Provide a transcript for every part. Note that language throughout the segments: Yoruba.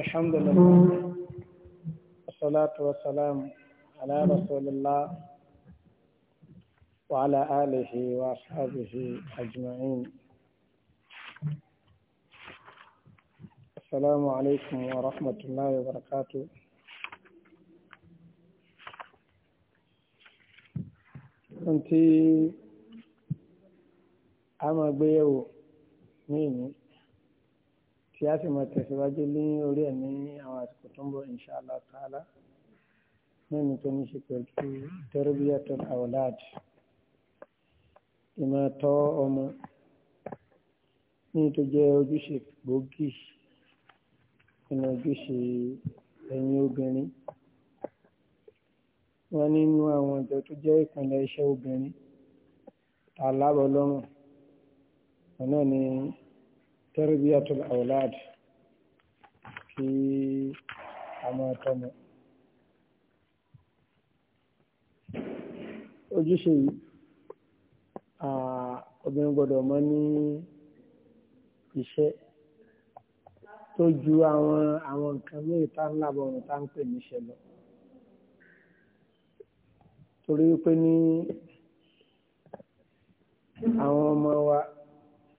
الحمد لله والصلاة والسلام على رسول الله وعلى آله وأصحابه أجمعين السلام عليكم ورحمة الله وبركاته أنت أما بيو ميني tí a sì máa tẹ̀síwájú lé orí ẹ̀ ní àwọn àsìkò tó ń bọ̀ inṣàlá tààlà nínú tó ní ṣe pẹ̀lú tẹ́rẹ́bíyàtọ̀ àwòláàdì ìmọ̀ tọ́ ọmọ ní tó jẹ́ ojúṣe gbòógì nínú ojúṣe ẹ̀yin obìnrin wọ́n nínú àwọn ìjọ tó jẹ́ ìpínlẹ̀ iṣẹ́ obìnrin tààlà bọ̀ ọ̀nà ni. تربية الأولاد في أماكن ojúṣe yìí obìnrin gbọ́dọ̀ mọ̀ ní iṣẹ́ tó ju àwọn àwọn nǹkan mìíràn tá ń lábọ̀ ọ̀run tá ń pè níṣẹ́ lọ torí pé ní àwọn ọmọ wa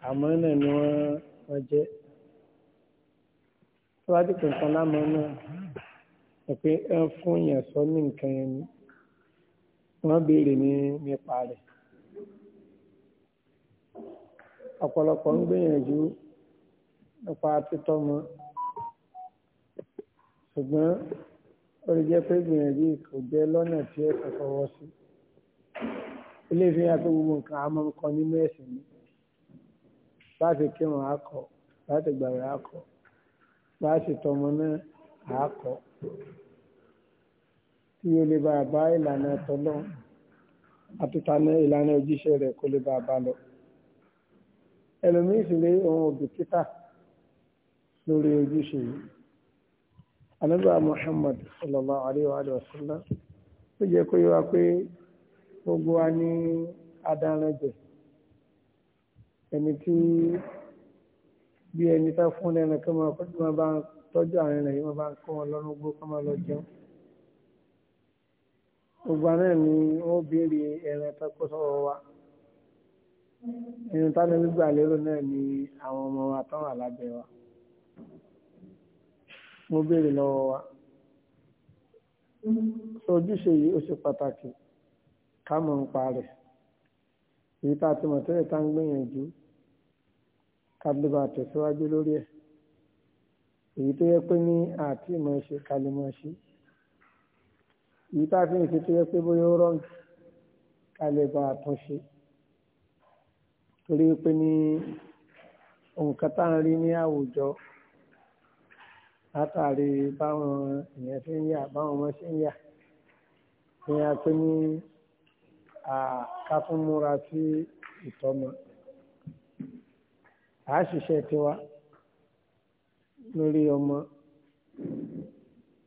àmọ́ náà ni wọ́n wọn jẹ tó bá dìpọ̀ nǹkan lámọ́ náà ẹ pé ẹ ń fún yẹn sọ ní nǹkan yẹn ni wọ́n béèrè ní nípa rẹ̀ ọ̀pọ̀lọpọ̀ ń gbìyànjú nípa títọ́mọ ṣùgbọ́n ó lè jẹ́ pé gbìyànjú kò jẹ́ lọ́nà tí ẹ kò fọwọ́ sí ilé ìfihàn pé gbogbo nǹkan a máa ń kọ nínú ẹ̀sìn ni. láti kírun akọ láti gbàrẹ akọ láti tọmọ náà akọ tí o lè bá bá ìlànà tọlọ àtúntàná ìlànà òjíṣẹ́ rẹ̀ kó lè bá bá lọ ẹlòmíì lé ohun òbìkítà lórí ojúṣe yìí anábà Muhammad sallallahu alayhi wa sallam ó jẹ́ kó yẹ wá pé gbogbo ẹni tí bí ẹni tá fún lẹ́nu kí wọ́n kọ́ tí wọ́n bá ń tọ́jú àwọn ẹ̀rìn yìí wọ́n bá ń kọ́ wọn lọ́rùn gbó kọ́ máa lọ jẹun. gbogbo àná ni wọ́n béèrè ẹ̀rìn tó kó sọ́wọ́ wa ẹni táwọn gbígbà lérò náà ni àwọn ọmọ wa tán wà lábẹ́ wa mo béèrè lọ́wọ́ wa ojúṣe yìí ó ṣe pàtàkì ká mọ̀ ń pa èyí tá a ti mọ̀ tẹ́lẹ̀ tá ń gbìyànjú kábílẹ̀ bá tẹ̀síwájú lórí ẹ̀ èyí tó yẹ pé ní àti ìmọ̀ ṣe kalẹ̀ mọ̀ ṣe èyí tá a fi ń ṣe tó yẹ pé bóyá ó rọ́ǹgì kalẹ̀ bá tún ṣe torí pé ní nǹkan tá à rí ní àwùjọ látàrí báwọn èèyàn ṣe ń yà báwọn ọmọ ṣe ń yà ní a pé ní ká sí ìtọ́mọ a ṣiṣẹ́ tiwa lórí ọmọ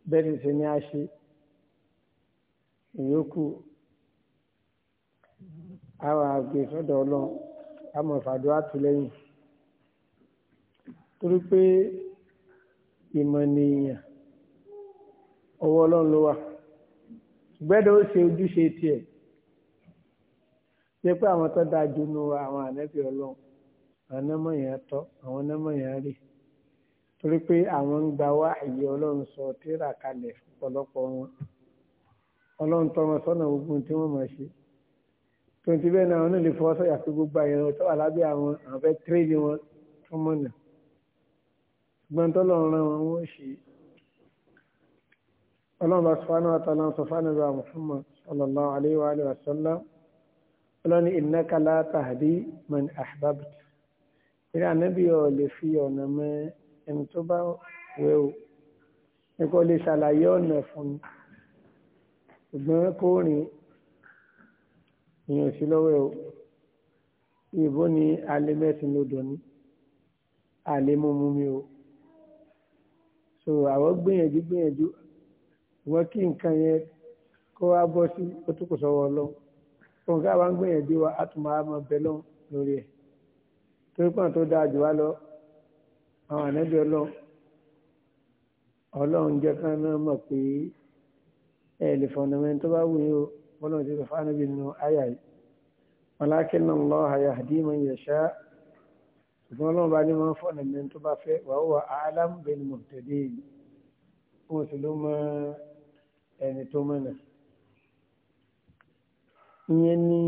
bẹ́ẹ̀ nìṣẹ́ ni a ṣe ìyókù àwọn àgbẹ̀ sọ́dọ̀ ọlọ́run àmọ́ ìfàdó àtìlẹ́yìn torí pé ìmọ̀ nìyàn ọwọ́ ọlọ́run ló wà gbẹ́dọ̀ ó ṣe ojúṣe tiẹ̀ ṣe pé àwọn tó dáa jù nù àwọn ànẹ́bí ọlọ́run àwọn nọ́mọ̀ yẹn tọ́ àwọn nọ́mọ̀ yẹn rè torí pé àwọn ń gba wá àyè ọlọ́run sọ tíra kalẹ̀ ọ̀pọ̀lọpọ̀ wọn ọlọ́run tọ́ wọn sọ́nà gbogbo tí wọ́n mọ̀ ṣe tonti bẹ́ẹ̀ náà wọn lè fọwọ́ sọ̀yà pé gbogbo àyẹ̀wò tó wà lábẹ́ àwọn àwọn fẹ́ tírèdì wọn fún mọ̀nà ṣùgbọ́n tó lọ́run ran wọn wọ́n ṣe ọlọ́run bá sọ́fánà wa tọ́lá sọ́fánà bá Muhammad sallallahu alayhi wa sallam ọlọ́run innaka la tahdi man eré ànábì ò lè fi ọ̀nà mọ ẹni tó bá wẹ̀ o nǹkan lè ṣàlàyé ọ̀nà fún mi ṣùgbọ́n kó rìn ìyàn lọ́wọ́ ẹ̀ o ìbò ni alẹ́ mẹ́sìn lodò ní alẹ́ mímú mi o so àwọn gbìyànjú gbìyànjú ìwọ́n kí nǹkan yẹn kó wá bọ́ sí ó tún kò sọ́wọ́ ọlọ́run òun káwa ń gbìyànjú wa á tún máa mọ bẹ lọ́run lórí ẹ̀ torí pọ́n tó dáa jù wá lọ àwọn ànábì ọlọ́run ọlọ́run jẹ́ ká náà mọ̀ pé ẹ lè fọ̀nàmẹ́ni tó bá wù yín o ọlọ́run ti fẹ́ fánábì nínú àyà yìí walakinna Allaha yahdi man yasha ṣùgbọ́n ọlọ́run bá ní máa fọ̀nàmẹ́ni tó bá fẹ́ wa huwa a'lam bil muhtadin wọn sì ló mọ ẹni tó mọ̀nà ìyẹn ní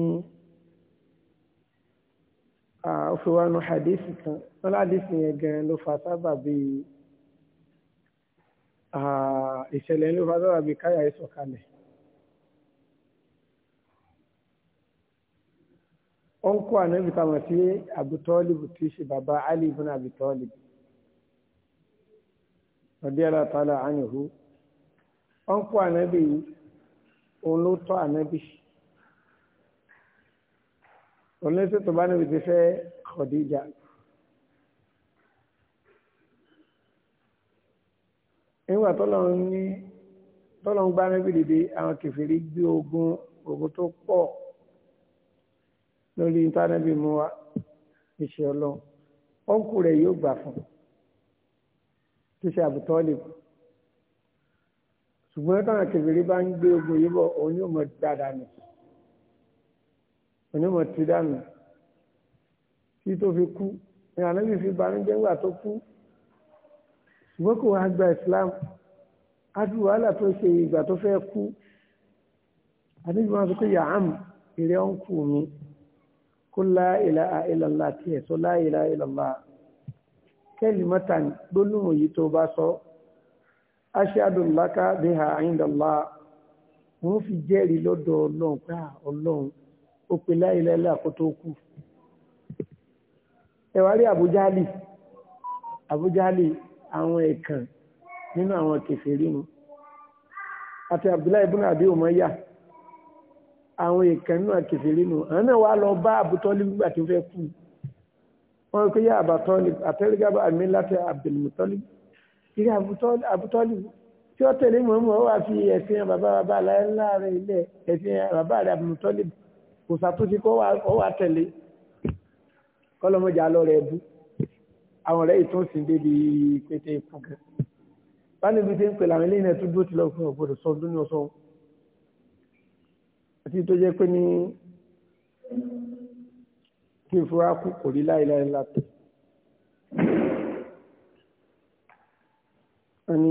ó fi wá nu hadisi kan wọn ládìsí yẹn gan ló fa sábà bíi ìṣẹ̀lẹ̀ ló fa sábà bíi káyà ìsọ̀kalẹ̀. ó ń kó ànábì táwọn sí Abu Talib tí í ṣe bàbá Ali ibn Abi Talib radiyallahu ta'ala anhu ó ń kó ànábì òun ló tọ́ ànábì ṣe oníṣẹ́ tó bá níbi ti fẹ́ Khadija. nígbà tọ́lọ́run ní tọ́lọ́run gbá níbi kefirik àwọn kẹfìrí gbé ogun ogun tó pọ̀ lórí íńtánẹ́ẹ̀tì mú wa iṣẹ́ ọlọ́run ọ̀nkù rẹ̀ yóò gbà fún tó ṣe àbùtọ́lì ṣùgbọ́n táwọn kẹfìrí bá ń ogun yìí bọ̀ òun yóò mọ̀ dáadáa nìyí onímọ̀ ti dànù tí tó fi kú ní ànábì fi banújẹ́ ńgbà tó kú ṣùgbọ́n kò wá gba islam á fi wàhálà tó ṣe ìgbà tó fẹ́ kú ànábì wọn sọ pé yàám èrè ọ̀nkù mi kó la ilaha illallah tí ẹ̀ sọ la ilaha illallah kẹ́lì mọ́ta gbólóhùn yìí tó bá sọ ashhadu laka biha inda Allah wọ́n fi jẹ́rìí lọ́dọ̀ ọlọ́run pé ah, ọlọ́run ó pè láìláìlá kó tó kú ẹwà rí àbújáàlì àbújáàlì àwọn ẹ̀kàn nínú àwọn kèfèrí nu àti abdullahi ibùnà àbí òmọ́yà àwọn ẹ̀kàn nínú àkèfèrí nu àwọn náà wá lọ bá àbútọ́lì nígbà tó fẹ́ kú wọn kò yá àbátọ́lì àtẹ́rẹ́gábà àmì láti abdulmutọ́lì ìrí àbútọ́lì tí ó tẹ̀lé mọ̀ọ́mọ́ wà fi ẹ̀sìn bàbá bàbá láyé láàrin ilẹ̀ ẹ̀sìn bàbá rẹ̀ abdulmutọ́lì kò sàtúnṣe kọ́ wà tẹ̀lé kọ́lọ́mọjà lọ rẹ̀ bú àwọn ọ̀rẹ́ ìtúnṣin débi pété fún kẹ́ báni bí ti ń pè láwọn eléyìí náà tún dúró ti lọ fún ọ̀gbọ́dọ̀ sọ ọdún ní ọ̀sán àti tó jẹ́ pé ní kí n fura kú kò rí láìláì látọ̀. ẹni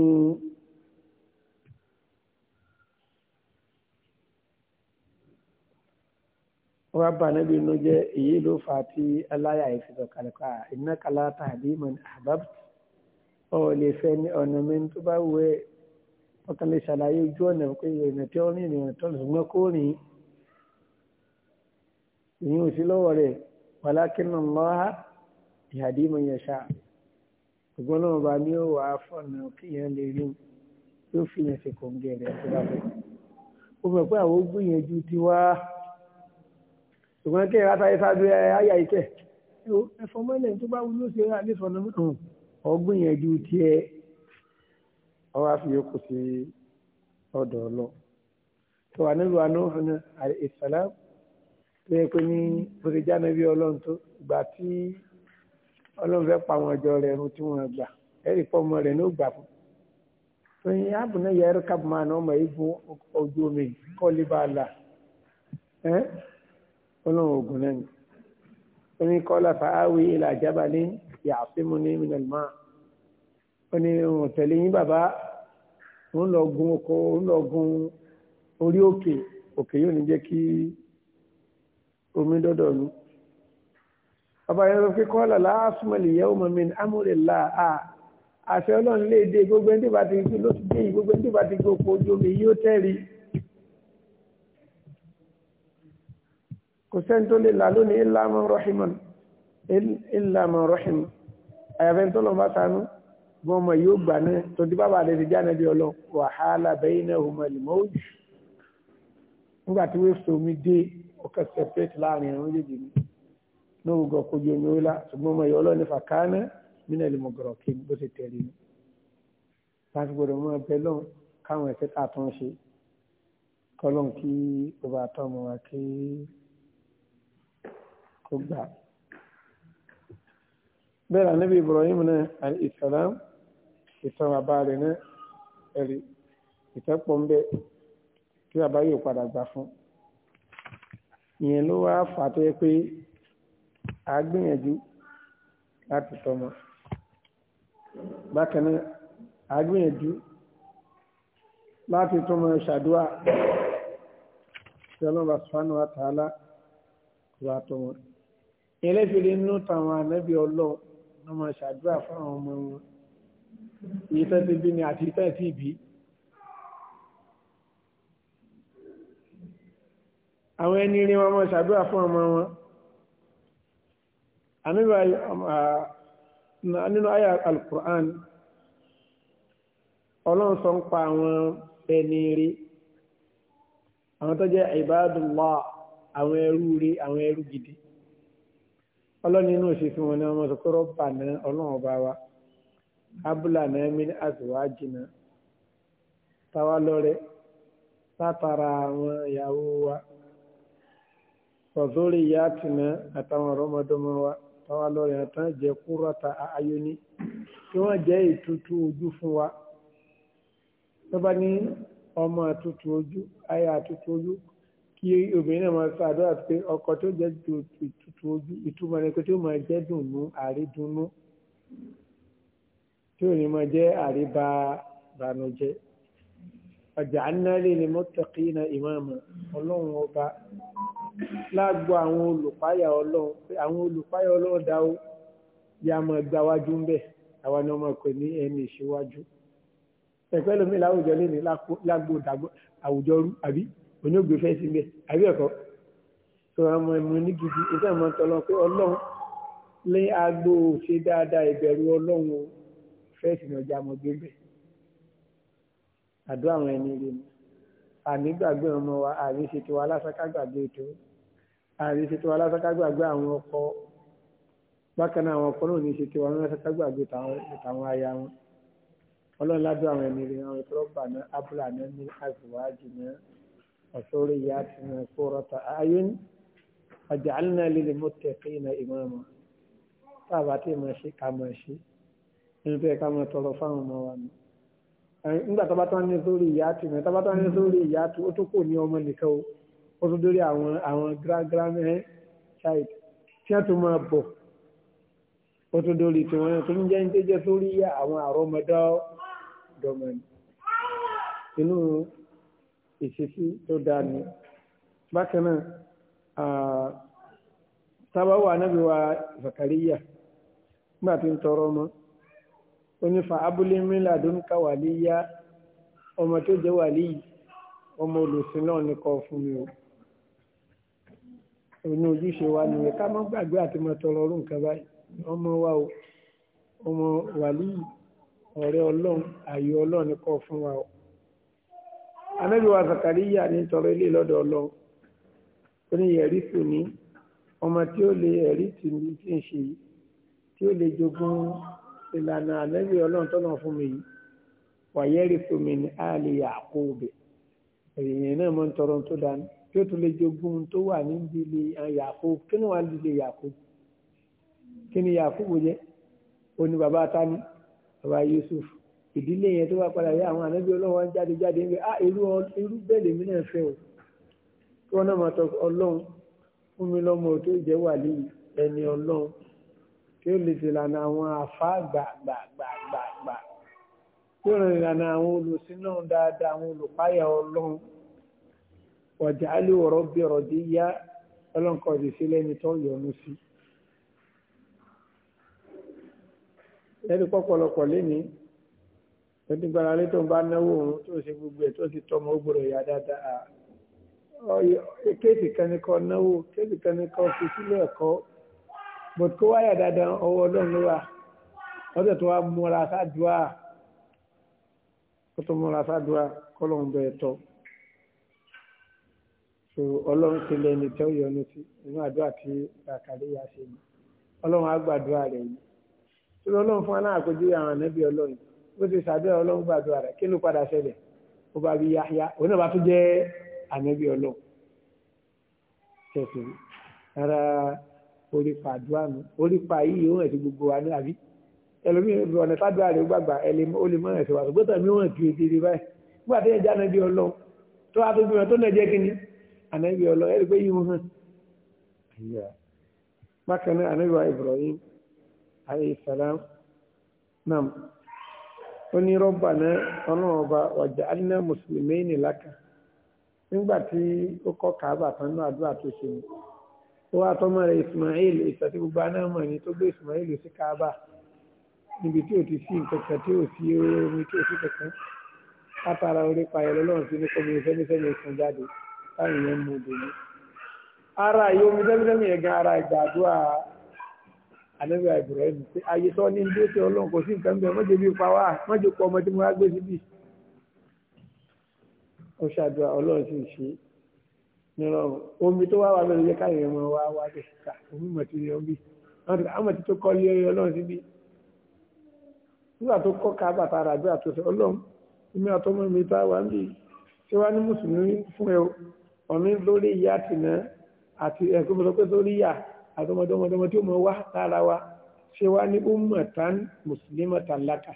wọ́n bá níbi inú jẹ́ èyí ló fà á tí aláya ìfisọ̀ kàlùkà iná kala tàbí mọ̀ àbábù ọ̀ lè fẹ́ ní ọ̀nà mi tó bá wù ẹ́ ọkàn lè ṣàlàyé ojú ọ̀nà pé ìrìnà tí ó ní ìrìnà tó lè ṣùgbọ́n kó rìn ìyún sí lọ́wọ́ rẹ̀ walakin Allah yahdi man yasha ṣùgbọ́n náà bá ní ó wà á fọ̀nà kí yẹn lè rí yóò fi yẹn ṣe kòǹgẹ̀ rẹ̀ tó bá fẹ́. ó mọ̀ pé àwọn ó gbìyànjú tiwa ṣùgbọ́n kí ẹ̀rọ àtàyè sáájú ẹ̀ ayà ìkẹ́ ẹ̀fọ́ mọ́lẹ̀ tó bá wúlò sí ẹ̀rọ àlefọ̀nà ọgbìyànjú tiẹ̀ ọwọ́ àfi yókù sí ọ̀dọ̀ ọlọ tó wà nílùú anúhàn ìsàlá tó yẹ pé ní bòtẹ́jà náà bí ọlọ́run tó gbà tí ọlọ́run fẹ́ pa àwọn ọjọ́ rẹ̀ run tí wọ́n gbà ẹ̀rì pọ̀ ọmọ rẹ̀ ní ó fún tó yẹ àbùnà yẹ ẹ̀rọ kábùmá náà ọmọ yìí gun ojú omi kọ́ọ́lé bá a là ọlọ́run ògùn náà ni ó ní kọ́lá fàáwì ilà àjábá ní yàtìmù ní mìnàlùmá ó ní òun tẹ̀lé yín bàbá òun lọ gun oko òun lọ gun orí òkè òkè yóò ní jẹ́ kí omi dọ́dọ̀ lu bàbá yẹn lọ fi kọ́lá láàsùmọ̀lì yẹ́wò mọ̀mí amúrèlá a àṣẹ ọlọ́run lè dé gbogbo ẹni tó bá ti gbé lóṣù gbogbo ẹni tó bá ti gbé oko ojú omi yóò tẹ̀rí. kò sẹ́ni tó lè là lónìí illa man rahiman illa man rahim àyàfẹ́ tó lọ́n bá tanú bí ọmọ yóò gbà náà tó dí bàbá rẹ̀ ti já náà bí ọlọ́ wàhálà baynahuma al-mawj nígbà tí wọ́n fi omi dé ọkọ̀ separate láàrin ẹ̀rọ méjèèjì ni ní ògùn ọkọ̀ omi wíwá ṣùgbọ́n ọmọ ìyọ́ ọlọ́ni fàkánà nínú ẹ̀lẹ́mọ̀gọ̀rọ̀ kí bó ti tẹ̀lé ni láti gbọdọ̀ mọ́ ẹgbẹ́ lọ́n kó gbà. bẹ́ẹ̀ ni níbi Ibrahim náà àti ìsàlám ìtàn bàbá rẹ̀ náà ẹ̀rí ìtẹ́pọ̀ ń bẹ tí bàbá yóò padà gbà fún. ìyẹn ló wá fà tó yẹ pé a gbìyànjú láti tọmọ bákan náà a gbìyànjú láti tọmọ ṣàdúrà tí ọlọ́run bá sùfánù àtàlà kò bá tọmọ ẹlẹ́fẹ̀lẹ́ inú tàwọn ànábì ọlọ́ọ̀ wọ́n máa ṣàdúrà fáwọn ọmọ wọn èyí tẹ́ ti bí ni àti tẹ́ ti bí. àwọn ẹni rí wọn máa ṣàdúrà fún ọmọ wọn nínú àyà alukur'an ọlọ́run sọ ń pa àwọn ẹni rí àwọn tó jẹ́ ibadullah àwọn ẹrú rí àwọn ẹrú gidi ọlọ́ni inú òṣìṣẹ́ wọn ni wọ́n sọ pé rọ́bà náà ọlọ́run ọba wa abúlà náà mi àtiwá jìnnà táwa lọ́rẹ́ látara àwọn ìyàwó wa ọ̀sọ́rí ìyá àtìná àtàwọn ọ̀rọ̀mọdọ́mọ wa táwa lọ́rẹ́ àtàn jẹ́ kúrọ́ta ayóní kí wọ́n jẹ́ ìtútù ojú fún wa tó bá ní ọmọ àtútù ojú aya àtútù ojú kí obìnrin náà máa fàdúrà pé ọkọ tó jẹ́ tutù ojú ìtumọ̀ rẹ̀ pé tí ó máa jẹ́ dùnú àrídùnú tí ò ní máa jẹ́ àríbá bànújẹ́ ọjà anáàlè ni mọ́tàkì iná ìmáàmù ọlọ́run ọba lágbo àwọn olùpáyà ọlọ́run àwọn olùpáyà ọlọ́run dáwó ya a máa gbáwájú ń bẹ̀ àwa ni wọ́n máa pè ní ẹni ìṣíwájú ẹ̀pẹ́ lómi láwùjọ lé ní lágbo àwùjọ rú àbí onígbè fẹ́ sí bẹ́ẹ̀ àbí ẹ̀kọ́ tó àmọ́ ẹ̀mọ onígidi ìtàn máa tọ́lọ́ pé ọlọ́run lé agbo ṣe dáadáa ìbẹ̀rù ọlọ́run fẹ́ sí ọjà mọ́ gbé bẹ́ẹ̀ àdó àwọn ẹni rè ni àní gbàgbé ọmọ wa àrí ṣe tiwa lásàkà gbàgbé ètò àrí ṣe tiwa lásàkà gbàgbé àwọn ọkọ bákan náà àwọn ọkọ náà ní ṣe tiwa lásàkà gbàgbé tàwọn aya wọn ọlọ́run ládùn àwọn ẹni rè àwọn ìtọ́rọ̀ náà abúlà náà ní àgbèwájú náà. وذرياتنا قرة أعين وجعلنا للمتقين إماما tábàtì ماشي ṣe ká máa ṣe nínú pé ká máa tọrọ fáwọn ọmọ wa ni nígbà tó bá tán ní sórí ìyá tì mẹ́ tó bá tán ní sórí ìyá tì ó tó kò ní ọmọ nìkan o ó tún dórí àwọn àwọn grandmother child tí wọ́n tún máa bọ̀ ó tún dórí tiwọn náà tó ń jẹ́ ń tẹ́jẹ́ sórí àwọn àrọ́mọdá dọ́mọ ni inú ìṣesí tó dáa ni bákan náà tábàwà anábì wa Zakariya nígbà tí ń tọrọ ọmọ onífà abúlé mílà dónkà wàlíyá ọmọ tó jẹ́ wàlíyì ọmọ olùsìn náà ní kọ fún mi o òní ojúṣe wa nìyẹn ká má gbàgbé àti mọ tọrọ ọrùn kan báyìí ọmọ wa o ọmọ wàlíyì ọ̀rẹ́ Ọlọ́run ààyè Ọlọ́run ní kọ fún wa o anábìwá zakariya ní tọrọ ilé lọ́dọ̀ ọlọ́ ó ní ẹ̀rí tù ní ọmọ tí ó lè ẹ̀rí tù ní tí ń ṣe tí ó lè jogún ìlànà anábì ọlọ́run tọ́nà fún mi yìí wàyẹ́rì tù mí ní àlè yàkóòbẹ̀ èèyàn náà mọ́ ń tọrọ tó dání tí ó tún lè jogún tó wà ní ìdílé yàkóòbù kí ni wàá dìde yàkóòbù kí ni yàkóòbù jẹ́ ó ní bàbá tani bàbá Yusuf ìdílé yẹn tó wá padà yá àwọn ànábì ọlọ́wọ́ ń jáde jáde ń bẹ á ah, irú irú bẹ́ẹ̀ lèmi náà fẹ́ o kí wọ́n náà máa tọ ọlọ́run fún mi lọ́mọ tó jẹ́ wà ní ẹni ọlọ́run tí ó lè ti lànà àwọn àfá gbàgbàgbàgbà tí ó rìn ìlànà àwọn olùsínà dáadáa àwọn olùpáyà ọlọ́run ọ̀jà á bí ọ̀rọ̀ dé yá ọlọ́nkọ̀ ọ̀dẹ̀ sí lẹ́ni tó yọnu sí. ẹni pọ́pọ̀lọpọ̀ lénìí tó ti gbára lé tó ń bá náwó òun tó ṣe gbogbo ẹ̀ tó ti tọmọ ó gbọ́dọ̀ yá dáadáa kéèsì kan ní kọ́ náwó kéèsì kan ní kọ́ fi sílẹ̀ ẹ̀kọ́ bọ̀dù kó wáyà dáadáa ọwọ́ ọlọ́run ló wà ọ̀sẹ̀ tó wá múra sáàdúà kó tó múra sáàdúà kọ́ lóun bẹ̀ tọ́ so ọlọ́run ti lẹ́ni tẹ́ ó yọnu sí inú àdúrà tí àkàlẹ́yà ṣe ọlọ́run á gbàdúrà rẹ̀ yìí ọlọ́run fún aláàkójú àwọn ànábì ọlọ́run ó ti sàdúrà ọlọ́run gbàdúrà rẹ̀ kí ló padà ṣẹlẹ̀ ó bá rí yáyá òun náà bá tún jẹ́ ànábì ọlọ́run tẹ̀sí rárá orípa àdúrà nù orípa yìí ó hàn sí gbogbo wa ní àbí ẹlòmíì ọ̀nà sádùá rẹ̀ gbàgbà ó lè mọ̀ ẹ̀sẹ̀ wà ṣùgbọ́n tàbí wọ́n ti di báyìí nígbà tí ẹja ànábì ọlọ́run tó wá tó bímọ tó náà jẹ́ Ibrahim alayhi salam ó ní rọ́bà náà ọlọ́run ọba ọ̀jà alínà mùsùlùmí ní lákà nígbà tí ó kọ́ kàábà tán náà àdúrà tó ṣe ni ó wá tọ́mọ rẹ̀ Ismail ìtàtí gbogbo anáàmọ̀ ni tó gbé Ismail sí kàábà níbi tí ò ti sí nǹkan tí ò sí omi tí ò sí kankan látara orí payẹ lọ́lọ́run sí ní kọ́mi fẹ́mífẹ́mi ìsan jáde táwọn èèyàn mú un dòní. ara yìí omi fẹ́mífẹ́mi yẹn gan ara ìgbàdúrà ànábì Ibrahim pé ayé tó ní dé tí ọlọ́run kò sí nǹkan bẹ́ẹ̀ mọ́jọ bí pa wá mọ́jọ pọ̀ ọmọ tí mo wá gbé síbí. ó ṣàdúrà ọlọ́run sì ṣe nírọ̀rùn omi tó wá wà lọ́dún yẹ káyọ̀ ẹ̀mọ wá wá dé síta omi mọ̀ ti rí omi àwọn ti tó kọ́ lé ọlọ́run síbí. nígbà tó kọ́ ká bàtà rà bí àtúnṣe ọlọ́run ìmí àtọ́mọ́ mi àtọmọdọmọdọmọ tí ó mọ wá lára wa ṣe wá ní ummatan muslimatan laka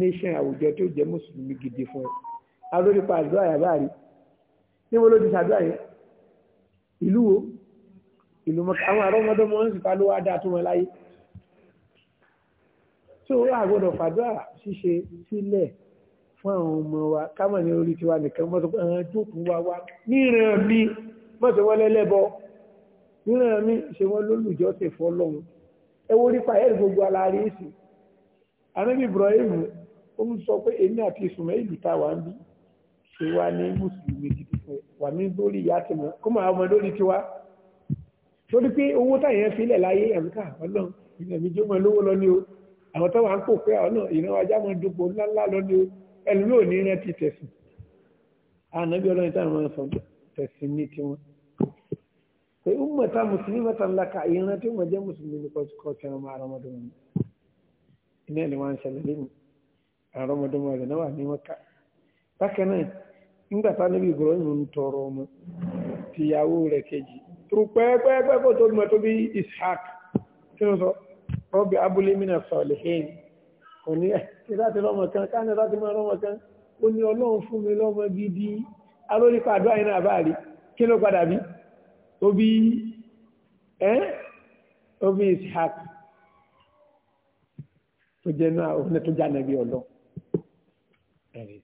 nation àwùjọ tí ó jẹ́ mùsùlùmí gidi fún ẹ alórípa àdúrà yàrá rí níbo ló ti ṣàdúrà yẹn ìlú wo ìlú mọ̀ká àwọn àrọ́mọdọ́mọ ń sìta ló wá dáa tó wọn láyé tó a gbọ́dọ̀ fàdúrà ṣíṣe sílẹ̀ fún àwọn ọmọ wa kámọ̀ ní orí tiwa nìkan mọ́tò pé àwọn jókòó wa nínú ẹ̀mí ṣe wọ́n lólùjọ́sìn fọ́lọ́run ẹwọ́ nípa ẹ̀rì gbogbo aláàrí èsì anábì Ibrahim ó ń sọ pé èmi àti ìsùnmọ́ ìlú ta wà ń bí ṣe wá ní mùsùlùmí gidi fún wà ní lórí ìyá ti mọ́ kó máa ọmọ lórí tiwa torí pé owó táyẹn filẹ̀ láyé ẹ̀míkà ọlọ́run ilẹ̀ mi jẹ́ mọ́ lówó lọ ní o àwọn tó wà ń pò pé ọ̀nà ìran ajá mọ́ dúpọ̀ ńláńlá lọ ní o ẹlòmíì ò ní rántí tẹ̀sìn ànábì ọlọ́run táwọn sọ tẹ̀sìn ní tiwọn pé ummata muslimatan laka ìran tí wọ́n jẹ́ mùsùlùmí ní kọ́ọ̀tì ọmọ àrọ́mọdọ́mọ iná ẹ̀ ni wọ́n ń ṣẹlẹ̀ lẹ́nu àrọ́mọdọ́mọ rẹ̀ náà wà ní Mákà bákan náà nígbà tá níbi ìgbọ̀rọ̀ ìlú ń tọrọ ọmọ tìyàwó rẹ̀ kejì tó pẹ́ẹ́pẹ́ẹ́pẹ́ kó tó gbọ́n tó bí Ishaq tí wọ́n sọ rọ́bì abúlé mìíràn sọ̀lẹ̀ hẹ́ẹ̀ni kò ní ẹ̀ tí láti lọ́mọ kan káàní láti máa lọ́mọ kan ó ní ọlọ́run mi lọ́mọ gidi alórípa àdúrà yìí náà bá rí kí ló ó bí ẹ́ ó bí ishaq tó jẹ́ náà òun tó jẹ́ ànábì ọ̀lọ́ ẹ̀rí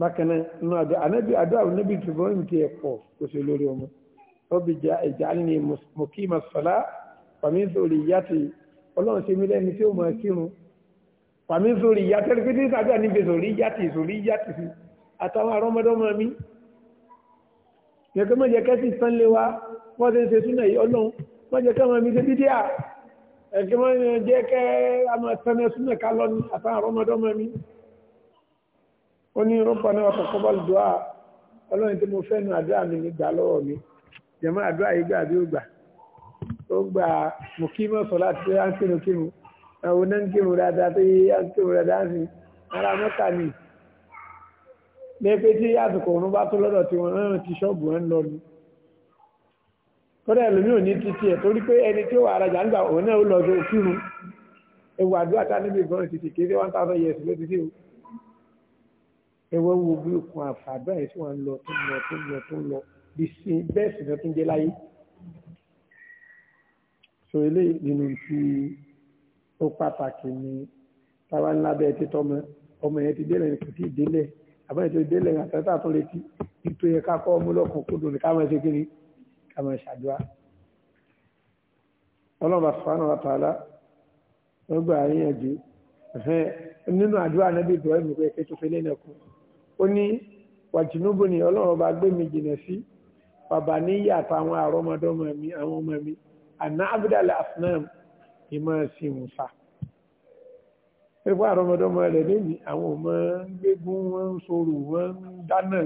bákan náà nínú àdó ànábì àdó àwọn ànábì ìtùbọ̀ ń tiẹ̀ pọ̀ kó ṣe lórí ọmọ ó bí jẹ́ ìjà ní mọ̀kí masọ́lá pàmí sórí ìyá ti ọlọ́run ṣe mí lẹ́ni tí ó máa kírun pàmí sórí ìyá tẹ́lifíṣẹ́ tàbí àníbi sórí ìyá sórí ìyá ti fi àtàwọn àrọ́mọdọ́mọ mi nìkan mọ̀ jẹ́ kẹ́sì sán lé wa wọ́n ti ń ṣe súnà yìí ọlọ́run wọ́n jẹ́ kẹ́mọ̀ mi ṣe dídíà ẹ̀kẹ́ mọ̀ jẹ́ kẹ́ àmọ̀ sẹ́nẹ̀ súnà ká lọ ní àtàwọn ọmọdọ́mọ mi ó ní rọ́pà náà kọ̀kọ́ bọ́ọ̀lù dùá ọlọ́run tí mo fẹ́ nu àdúrà mi ní gbà lọ́wọ́ mi jẹ̀mọ́ àdúrà yìí gbà bí ó gbà ó gbà mo kí mọ̀ sọ láti pé à ń kírun kírun àwọn onáńkírun dáadáa tó yẹ à ń kírun dáadáa sí ara mọ́ta nìyí lẹ́pẹ́ tí àsìkò òun bá tó lọ́dọ̀ tí wọ́n rán ti ṣọ́ọ̀bù ẹ̀ lọ ni kódà ẹlòmí ò ní títí ẹ̀ torí pé ẹni tí ó wà arajà nígbà òun náà ó lọ sí òkúrun ewu àdúrà tá níbi ìgbọ́n títí kéde one thousand years ló ti sí o ẹwọ́ wo bí okun àfàdúrà yìí sì wà ń lọ tó ń lọ tó lọ tó lọ bí sí bẹ́ẹ̀ sì tún jẹ́ láyé so eléyìí nínú ti ó pàtàkì ni táwa ńlá bẹ́ẹ̀ títọ́ ọmọ ọmọ yẹn ti délẹ̀ kò tí ì délẹ̀ àbẹ́rẹ́ tó délé àtẹ́tà tó retí ètò yẹ ká kọ́ ọmú lọ́kàn kó dùn ní ká máa ṣe kiri ká máa ṣàdúrà. ọlọ́run subhanahu wa ta'ala wọ́n gbà yíyanjú nínú àdúrà nábì ibrahim pé kí tó fẹ́lẹ́ náà kú ó ní wàjúnúbù ni ọlọ́run ọba gbé mi jìnà sí bàbá níyà àtàwọn àrọ́mọdọ́mọ mi àwọn ọmọ mi àná abdul asnam ìmọ̀ sí musa pẹ̀lú àwọn ọmọdọ́mọ rẹ̀ lẹ́ni àwọn ọmọ ń gbégún wọn ń sorò wọn ń dáná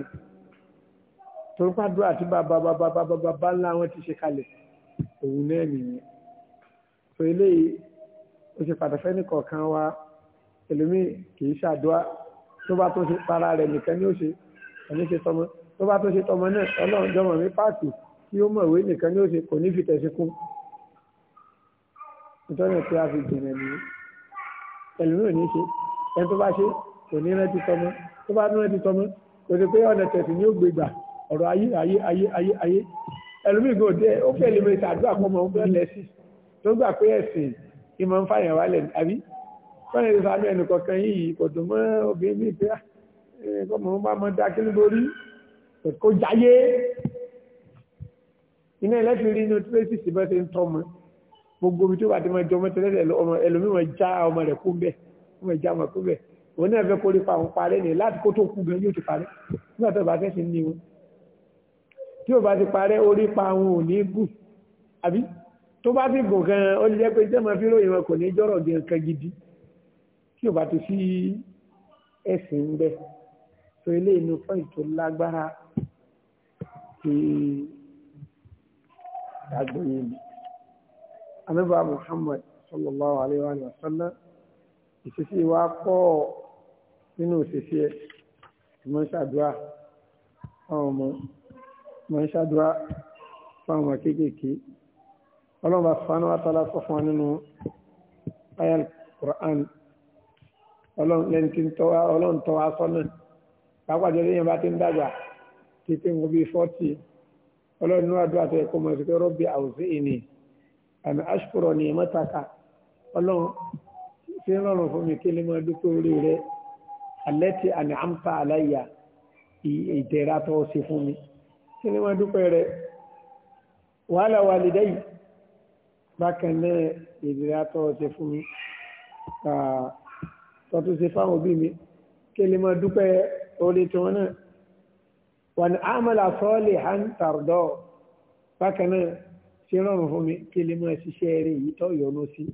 torípàdúrà tí bàbá bàbá bàbá bàbá ńlá wọn ti ṣe kalẹ̀ òun náà nìyẹn so eléyìí ó ṣe pàtàkì ẹnìkọ̀ọ̀kan wa ẹlòmíì kì í ṣàdúrà tó bá tó ṣe para rẹ̀ nìkan ni ó ṣe ẹni ṣe tọmọ tó bá tó ṣe tọmọ náà ọlọ́run jọmọ mi páàkì tí ó mọ̀wé nìkan ni ó ṣe kò ní fi tẹ̀sí kún nítorí pé a fi jìnnà nìyẹn ẹlòmíì ò ní ṣe ẹni tó bá ṣe kò ní rántí tọmọ tó bá rántí tọmọ kò sí pé ọ̀nà tẹ̀sí ni ó gbé gbà ọ̀rọ̀ ayé ayé ayé ayé ayé ẹlòmíì gò dé ó fẹ́ lè mọ ìṣàdúrà pọ̀ mọ́ ọ́n lẹ́sìn tó gbà pé ẹ̀sìn ìmọ̀ ń fàyàn wálẹ̀ àbí wọ́n lè sàánú ẹnì kọ̀ọ̀kan yìí kò dùn mọ́ obìnrin ní ìpẹ́ ọmọ wọn bá mọ dákí lórí kò jáyé iná ẹlẹ́tìrì inú tírẹ́sì sì bẹ́ẹ̀ ti ń tọ́ mọ́ gbogbo omi tó bá ti máa jọ ọmọ tẹ́lẹ̀ ọmọ ẹlòmí wọn já ọmọ rẹ̀ kú bẹ́ẹ̀ wọn já ọmọ kú bẹ́ẹ̀ wọn náà fẹ́ kórí pa àwọn parẹ́ ni láti kó tó kú gan yóò ti parẹ́ nígbà tó bá fẹ́sìn ní wọn tí ò bá ti parẹ́ orí pa àwọn ò ní àbí tó bá ti gùn gan ó lè jẹ́ pé jẹ́ máa fi ròyìn wọn kò ní jọ́rọ̀ gan kan gidi tí ò bá ti sí ẹ̀sìn ń bẹ tó ilé inú pọ́ìn tó lágbára ti àgbóyè mi anábà Muhammad sallallahu alayhi wa sallam ìṣesí wa pọ̀ nínú òṣèṣe ẹ̀ mọ́ ń ṣàdúrà fáwọn ọmọ mọ́ ń ṣàdúrà fáwọn ọmọ kéékèèké ọlọ́run bá fún wa tọ́lá sọ fún wa nínú ayal Qur'an ọlọ́run lẹ́ni tí ọlọ́run tọ́ wa sọ́nà pàápàá jẹ́ lẹ́yìn bá ti ń dàgbà títí ń gbé fọ́tì ọlọ́run níwájú àti ẹ̀kọ́ mọ̀ sí rọ́bì àwùjọ ìní àmì aṣkúrọ̀ ní ìmọ́taka ọlọ́run ṣe rọrùn fún mi kí lè mọ́ dúpẹ́ orí rẹ alẹ́ ti àmì àmpa aláìyá ìdẹ̀ra tó ṣe fún mi kí lè mọ́ dúpẹ́ rẹ wàhálà wàlídẹ́ yìí bákan náà ìdẹ̀ra tó ṣe fún mi tọ́tún ṣe fáwọn òbí mi kí lè mọ́ dúpẹ́ orí tiwọn náà wà ní àmàlà sọ́ọ̀lì hàn tàrdọ́ bákan náà ṣe rọrùn fún mi kí lè máa ṣiṣẹ́ rẹ̀ yìí tó yọnu sí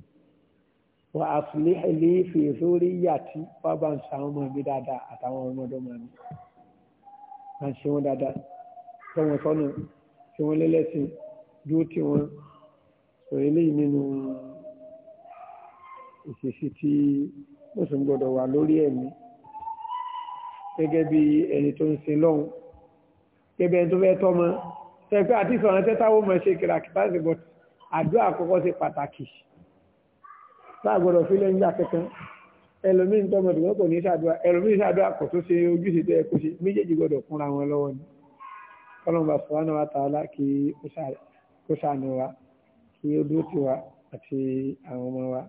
wà á sì lè lè fi sórí yàtí wà bá ń sa àwọn ọmọ mi dáadáa àtàwọn ọmọdọ́mọ mi à ń ṣe wọn dáadáa tọ́ wọn sọ́nà tí wọ́n lẹ́lẹ́sìn dúró tí wọ́n sọ̀rọ̀ eléyìí nínú ìṣesí tí mùsùlùmí gbọ́dọ̀ wà lórí ẹ̀mí gẹ́gẹ́ bí ẹni tó ń sin lọ́hùn gẹ́gẹ́ bí ẹni tó fẹ́ tọ́ mọ́ tẹ̀pẹ́ àti ìsọ̀rọ̀ tẹ́tàwó mọ̀ ṣe kìràkìtà sí bọ́t àdúrà àkọ́kọ́ ṣe pàtàkì sáàgbọ́dọ̀ fílẹ̀ ń yà kẹ́kẹ́ ẹlòmíín tọmọ tìwọ́n kò ní ṣàdúrà ẹlòmíín ṣàdúrà kò tó ṣe ojúṣe tẹ́ ẹ̀kọ́ ṣe méjèèjì gbọ́dọ̀ kúnra wọn lọ́wọ́ ni kọ́lọ́mbà sọ̀rọ̀ wa tààlà kí ó ṣàánú wa kí ó dúró tì wa àti àwọn ọmọ wa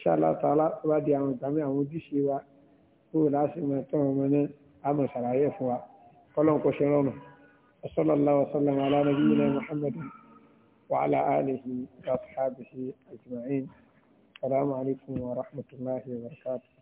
ṣáàlá tààlà tó bá di àwọn ìgbàmí àwọn ojúṣe wa kúrò láti mọ̀ tọ́ ọmọ náà á mọ̀ ṣàlàyé fún wa kọ́lọ́m kò ṣe rọrùn وصلى الله وسلم على نبينا محمد وعلى آله وأصحابه أجمعين السلام عليكم ورحمة الله وبركاته